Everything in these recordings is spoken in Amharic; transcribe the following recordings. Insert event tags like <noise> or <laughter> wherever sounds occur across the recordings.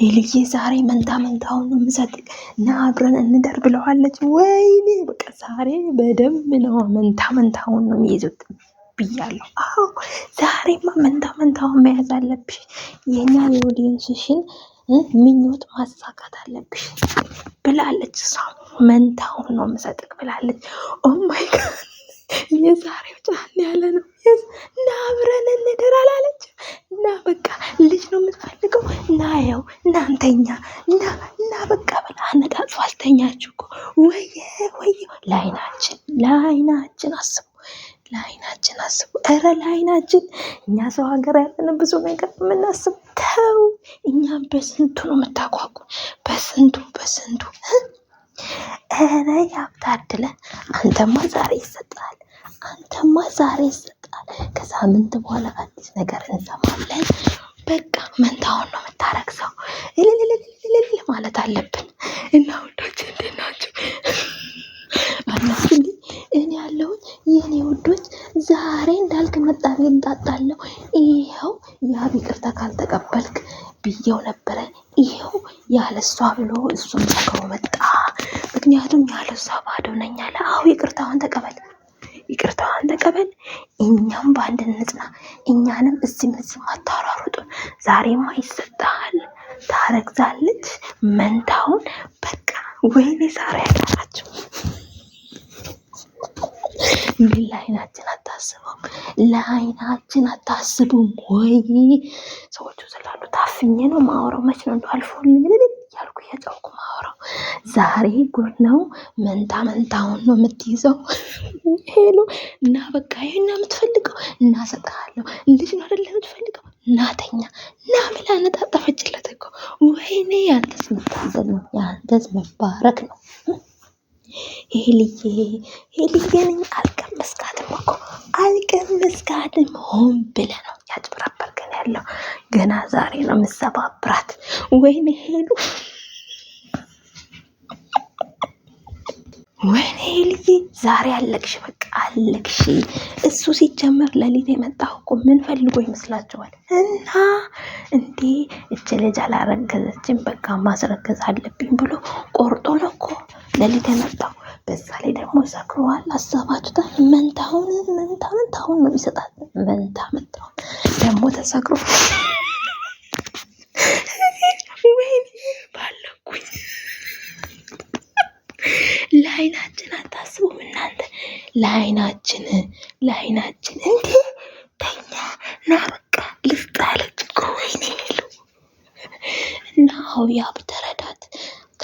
ሌልዬ ዛሬ መንታ መንታውን ነው የምሰጥቅ እና አብረን እንደር ብለዋለች። ወይኔ በቃ ዛሬ በደንብ ነው መንታ መንታውን ነው የሚይዙት ብያለሁ። አዎ ዛሬማ መንታ መንታውን መያዝ አለብሽ። የኛ የኦዲየንስሽን ምኞት ማሳካት አለብሽ ብላለች። እሷ መንታውን ነው የምሰጥቅ ብላለች። ኦማይ ጋድ የዛሬው ጫን ያለ ነው እና አብረን እንደር እናንተኛ እና እና በቃ ብላ አነጣጥፎ አልተኛችሁ እኮ ወየ ወየ። ለአይናችን ለአይናችን አስቡ፣ ለአይናችን አስቡ። እረ ለአይናችን እኛ ሰው ሀገር ያለን ብዙ ነገር የምናስቡ ተው። እኛ በስንቱ ነው የምታቋቁ፣ በስንቱ በስንቱ። እረ ያብታድለ አንተማ ዛሬ ይሰጣል፣ አንተማ ዛሬ ይሰጣል። ከሳምንት በኋላ አዲስ ነገር እንሰማለን። በቃ መንታውን ነው የምታረግሰው። እልልልልልልል ማለት አለብን። እና ውዶች እንዴት ናቸው አላችሁ? እኔ ያለሁት የእኔ ውዶች ዛሬ እንዳልክ መጣ እንጣጣለው። ይኸው ያ ይቅርታ ካልተቀበልክ ብየው ነበረ። ይኸው ያለሷ ብሎ እሱም ተከው መጣ። ምክንያቱም ያለሷ ባዶ ነኝ አለ። አሁ ይቅርታውን ተቀበል፣ ይቅርታዋን ተቀበል። እኛም በአንድ እንጽና። እኛንም እዚህ ምዝም አታሯሩጡ። ዛሬማ ይሰጣል። ታረግዛለች መንታውን በቃ ወይኔ ሳራ ያቀራቸው ግን ለአይናችን አታስበው ለአይናችን አታስቡም ወይ? ሰዎቹ ስላሉ ታፍኜ ነው ማወራው። መች ነው እንደ አልፎልኝ እያልኩ እያጫውኩ ማወራው። ዛሬ ጉድ ነው። መንታ መንታውን ነው የምትይዘው። ሄሎ እና በቃ ይህና የምትፈልገው እናሰጠሃለሁ ልጅ ነው አይደለ የምትፈልገው እናተኛ ና ብላ ነጣጠፈችለት እኮ። ወይኔ ያንተስ መታዘን ነው፣ ያንተስ መባረክ ነው። ሄልዬ ሄልዬን አልቀመስካትም እኮ አልቀመስካትም። ሆን ብለ ነው ያጭበረበርከን ያለው። ገና ዛሬ ነው የምሰባብራት። ወይኔ ሄሉ ወይኔ ልዬ ዛሬ አለቅሽ፣ በቃ አለቅሽ። እሱ ሲጀመር ለሊት የመጣሁ እኮ ምን ፈልጎ ይመስላችኋል? እና እንዴ እች ልጅ አላረገዘችም፣ በቃ ማስረገዝ አለብኝ ብሎ ቆርጦ ነው እኮ ለሊት የመጣው። በዛ ላይ ደግሞ ሰክሯል። አሰባችሁታል? መንታውን መንታ መንታውን ነው የሚሰጣት። መንታ መንታውን ደግሞ ተሰክሮ ለአይናችን ለአይናችን እንዴ ተኛ ና በቃ ልስጥ አለች እኮ ወይኔ ሄሉ እና አሁን ያብ ተረዳት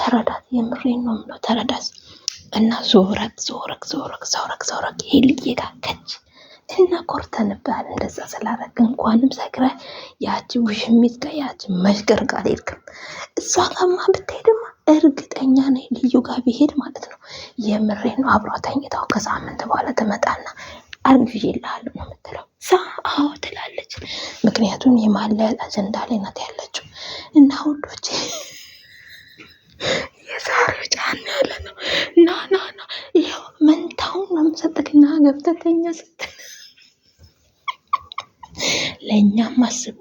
ተረዳት የምሬን ነው የምለው ተረዳት እና ዞረቅ ዞረቅ ዞረቅ ዞረቅ ዞረቅ ይሄ ጋር ከች እና ኮርተንብሃል እንደዛ ስላደረግ እንኳንም ሰክረ ያቺ ውሽሚት ጋር ያቺ መሽገር ጋር ሄድክም እሷ ጋማ ብትሄድማ እርግጠኛ ነኝ ልዩ ጋር ቢሄድ ማለት ነው የምሬን ነው። አብሯ ተኝታው ከሳምንት በኋላ ትመጣና አርግዤልሃለሁ ነው የምትለው። ሳ አዎ ትላለች። ምክንያቱም የማለያት አጀንዳ ላይ ናት ያለችው እና ሁሎች <laughs> የዛሬው ጫን ያለ ነው። ና ና ና ይኸው መንታውን ነው የምሰጥክና ገብተተኛ ስትል ለእኛም አስቡ፣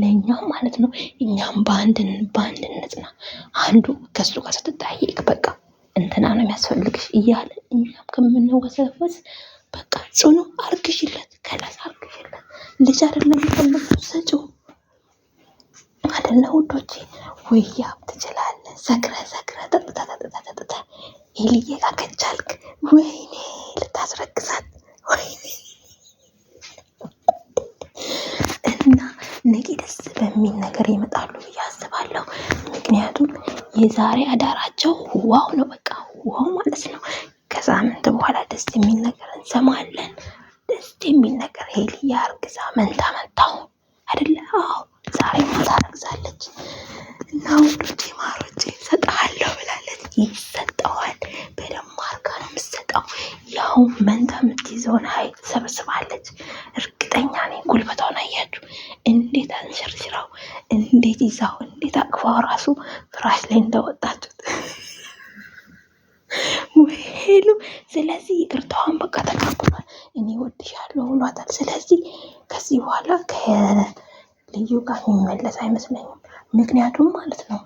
ለእኛም ማለት ነው። እኛም በአንድነት እንጽና። አንዱ ከሱ ጋር ስትጠያየቅ በቃ እንትና ነው የሚያስፈልግሽ እያለ እኛም ከምንወሰፈስ በቃ ጽኑ አርግሽለት፣ ከላስ አርግሽለት። ልጅ አይደለም የሚፈልጉ ሰጪው አደለ ውዶቼ? ወያ ትችላለ ትችላለህ። ሰክረ ሰክረ ጠጥተ ጠጥተ ጠጥተ ይልዬ ጋር ከቻልክ ወይኔ ልታስረግዛት ነገር ይመጣሉ ብዬ አስባለሁ። ምክንያቱም የዛሬ አዳራቸው ዋው ነው በቃ ዋው ማለት ነው። ከሳምንት በኋላ ደስ የሚል ነገር እንሰማለን። ደስ የሚል ነገር ሄሊያ አርግዛ መንታ መታው አይደለ? አዎ ዛሬ ማታ ረግዛለች እና ውዶቼ ማሮቼ እሰጥሃለሁ ብላለች። ይሰጠዋል። በደንብ አርጋ ነው የምሰጠው። ያው መንታ የምትይዘውን ሀይል ትሰበስባለች። እርግጠኛ ነኝ። ጉልበቷን አያችሁ እንዴት አንሸርሽራው እንዴት ይዛው እንዴት አቅፋው ራሱ ፍራሽ ላይ እንደወጣችሁት ሄሉ። ስለዚህ ይቅርታዋን በቃ ተቀብሏል። እኔ ወድሻለሁ ብሏታል። ስለዚህ ከዚህ በኋላ ከልዩ ጋር የሚመለስ አይመስለኝም። ምክንያቱም ማለት ነው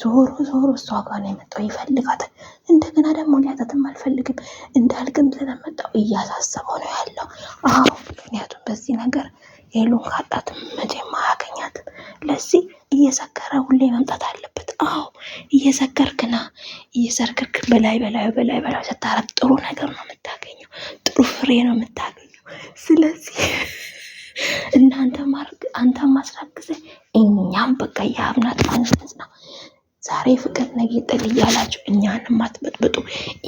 ዞሮ ዞሮ እሷ ጋር ነው የመጣው፣ ይፈልጋታል። እንደገና ደግሞ ሊያጣትም አልፈልግም እንዳልቅም ስለመጣው እያሳሰበው ነው ያለው። አዎ ምክንያቱም በዚህ ነገር ሄሉን ካጣትም መቼም አያገኛትም። ለዚህ እየሰከረ ሁሌ መምጣት አለበት። አዎ እየሰከርክና እየሰከርክ በላይ በላይ በላይ በላይ ስታረግ ጥሩ ነገር ነው የምታገኘው፣ ጥሩ ፍሬ ነው የምታገኘው። ስለዚህ <laughs> እናንተ ማርግ አንተ ማስራት እኛም በቃ የአብናት ማንነት ነው። ዛሬ ፍቅር ነገ ጥል እያላችሁ እኛንም አትበጥብጡ፣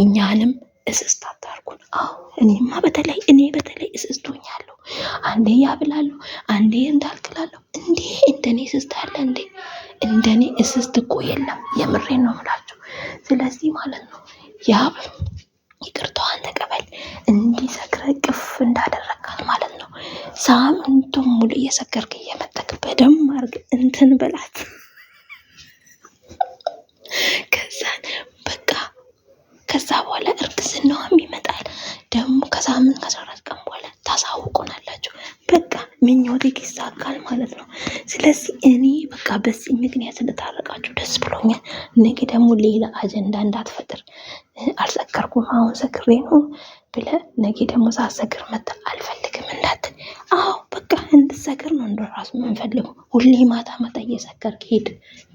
እኛንም እስስት አታርጉን። አዎ እኔማ በተለይ እኔ በተለይ እስስቶኛል። አንዴ ያብላሉ፣ አንዴ እንዳልክላሉ። እንዴ እንደኔ እስስት አለ እንዴ? እንደኔ እስስት እኮ የለም። የምሬ ነው የምላችሁ። ስለዚህ ማለት ነው ያ ይቅርታዋን ተቀበል። እንዲሰክረ ቅፍ እንዳደረጋት ማለት ነው። ሳምንቱ ሙሉ እየሰከርክ እየመጠቅ በደንብ አድርግ እንትን በላት። ከዛን በቃ ከዛ በኋላ እርግዝናዋም ይመጣል ደግሞ ከሳምንት ከ ምኞቴ ይሳካል ማለት ነው። ስለዚህ እኔ በቃ በዚህ ምክንያት እንደታረቃችሁ ደስ ብሎኛል። ነገ ደግሞ ሌላ አጀንዳ እንዳትፈጥር አልሰከርኩም፣ አሁን ሰክሬ ነው ብለ ነገ ደግሞ ሳሰክር መጣ አልፈልግም እንዳት አዎ በቃ እንድሰክር ነው እንደ ራሱ የምንፈልገው። ሁሌ ማታ ማታ እየሰከር ሂድ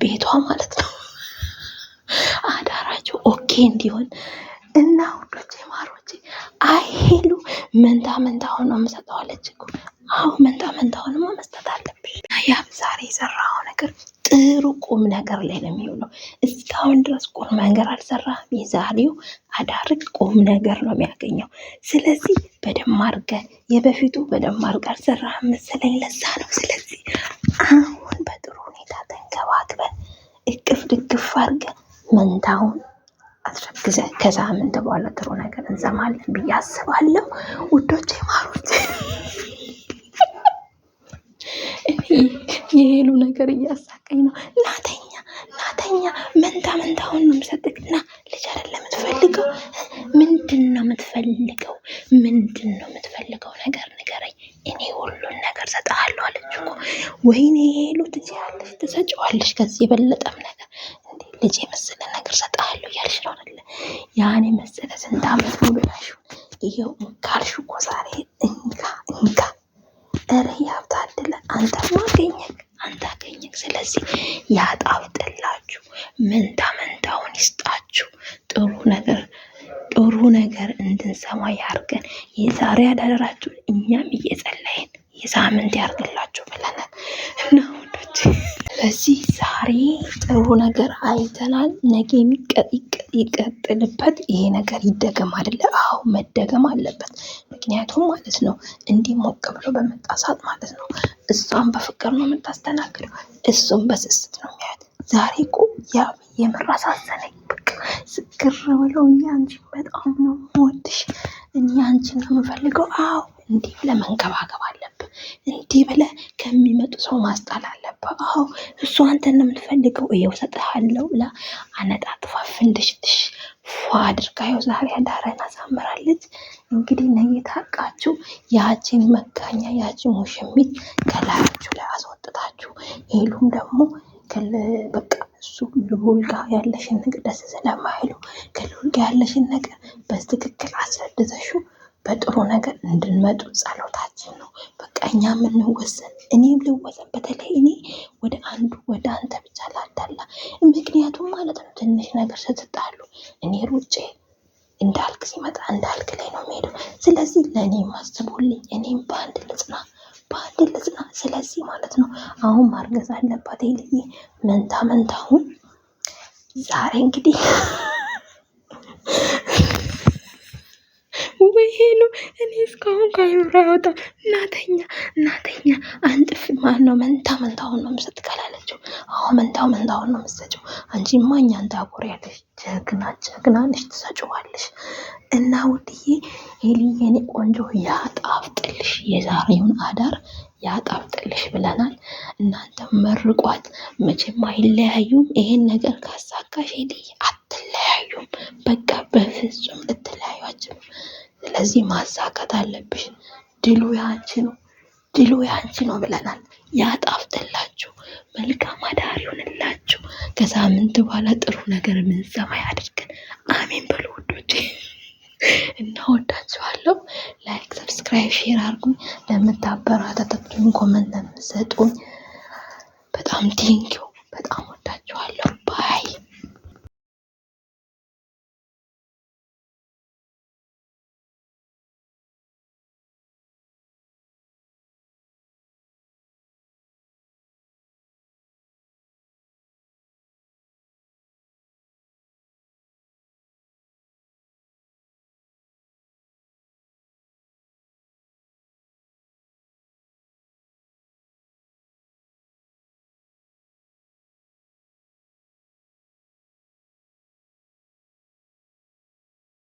ቤቷ ማለት ነው። አዳራቸው ኦኬ እንዲሆን እና ውዶቼ ማሮቼ አይሄሉ መንታ መንታ ሆኖ ምሰጠዋለች እኮ አሁ መንታ መንታውንማ መስጠት አለብሽ። ያም ዛሬ የሰራው ነገር ጥሩ ቁም ነገር ላይ ነው የሚውለው። እስካሁን ድረስ ቁም ነገር አልሰራም። የዛሬው አዳርግ ቁም ነገር ነው የሚያገኘው። ስለዚህ በደም አድርገህ የበፊቱ በደም አድርገህ አልሰራህም መሰለኝ፣ ለዛ ነው። ስለዚህ አሁን በጥሩ ሁኔታ ተንከባክበህ እቅፍ ድግፍ አድርገህ መንታውን አስረግዘህ ከሳምንት በኋላ ጥሩ ነገር እንሰማለን ብዬ አስባለሁ። ውዶቼ ማሮቼ የሄሉ ነገር እያሳቀኝ ነው። ናተኛ ናተኛ መንታ መንታውን ነው የምሰጥክ። ና ልጅ አይደለ የምትፈልገው? ምንድን ነው የምትፈልገው? ምንድን ነው የምትፈልገው ነገር ንገረኝ፣ እኔ ሁሉን ነገር ሰጠሃለሁ አለች እኮ። ወይኔ የሄሉ ትችያለሽ፣ ትሰጪዋለሽ ከዚህ የበለጠም ነገር እንዴ! ልጅ የመሰለ ነገር ሰጠሃለሁ እያልሽ ነው አይደለ? ያኔ መሰለ ስንት አመት ሙሉ ያልሽው ይኸው ካልሽ እኮ ዛሬ እንካ እንካ እረ ያብታ አድለ አንተ ማገኘክ አንተ አገኘክ። ስለዚህ ያጣፍጥላችሁ፣ ምንታ ምንታውን ይስጣችሁ። ጥሩ ነገር ጥሩ ነገር እንድንሰማ ያርገን። የዛሬ ያዳደራችሁ እኛም እየጸለይን የሳምንት ያርግላችሁ ብለናል እና ወንዶች በዚህ ዛሬ ጥሩ ነገር አይተናል። ነገ የሚቀጥልበት ይሄ ነገር ይደገም አይደለ? አዎ መደገም አለበት። ምክንያቱም ማለት ነው እንዲህ ሞቅ ብሎ በመጣ ሰዓት ማለት ነው እሷን በፍቅር ነው የምታስተናግደው፣ እሱም በስስት ነው የሚያዩት። ዛሬ እኮ ያ የምር አሳዘነኝ። በቃ ስክር ብሎ እኔ አንቺን በጣም ነው የምወድሽ፣ እኔ አንቺን ነው የምፈልገው። አዎ እንዲህ ብለህ መንከባከብ አለብህ፣ እንዲህ ብለህ ከሚመጡ ሰው ማስጣል አለብህ። አዎ እሱ አንተን ነው የምትፈልገው፣ እየው ሰጥሃለው ብላ አነጣጥፋ ፍንድሽትሽ ፏ አድርጋ ይኸው ዛሬ አዳራን አሳምራለች። እንግዲህ ነገ ታውቃችሁ ያችን መጋኛ ያችን ውሽሚት ከላያችሁ ላይ አስወጥታችሁ ሄሉም ደግሞ በቃ እሱ ልዑል ጋር ያለሽን ነገር ደስ ስለማይሉ ከልዑል ጋር ያለሽን ነገር በትክክል አስረድተሹ በጥሩ ነገር እንድንመጡ ጸሎታችን ነው። በቃ እኛ የምንወሰን እኔም ልወሰን በተለይ እኔ ወደ አንዱ ወደ አንተ ብቻ ላዳላ ምክንያቱም ማለት ነው ትንሽ ነገር ስትጣሉ እኔ ሩጬ እንዳልክ ሲመጣ እንዳልክ ላይ ነው የሚሄደው። ስለዚህ ለእኔ ማስቡልኝ፣ እኔም በአንድ ልጽና፣ በአንድ ልጽና። ስለዚህ ማለት ነው አሁን ማርገዝ አለባት ልዬ መንታ መንታሁን ዛሬ እንግዲህ ወይ <laughs> ሄሉ እኔ እስካሁን ከአይምሮ ያወጣ እናተኛ እናተኛ አንጥፍ ማለት ነው። መንታ መንታውን ነው የምሰጥ ካላለችው አሁ መንታው መንታውን ነው የምሰጭው። ማኛ እኛን ያለች ጀግና ጀግና ነሽ፣ ትሰጭዋለሽ። እና ውድዬ ሄሊ የኔ ቆንጆ ያጣፍጥልሽ፣ የዛሬውን አዳር ያጣፍጥልሽ ብለናል። እናንተ መርቋት፣ መቼም አይለያዩም። ይሄን ነገር ካሳካሽ ሄሊ አትለያዩም፣ በቃ በፍጹም ልትለያዩ አትችሉም። ስለዚህ ማሳካት አለብሽ። ድሉ ያንቺ ነው። ድሉ ያንቺ ነው ብለናል። ያጣፍጥላችሁ፣ መልካም አዳር ይሆንላችሁ። ከሳምንት በኋላ ጥሩ ነገር የምንሰማ ያድርገን። አሜን በሉ ውዶቼ። <laughs> እና ወዳችኋለሁ። ላይክ፣ ሰብስክራይብ፣ ሼር አርጉኝ። ለምታበረታቱኝ ኮመንት ለምትሰጡኝ በጣም ቴንኪው በጣም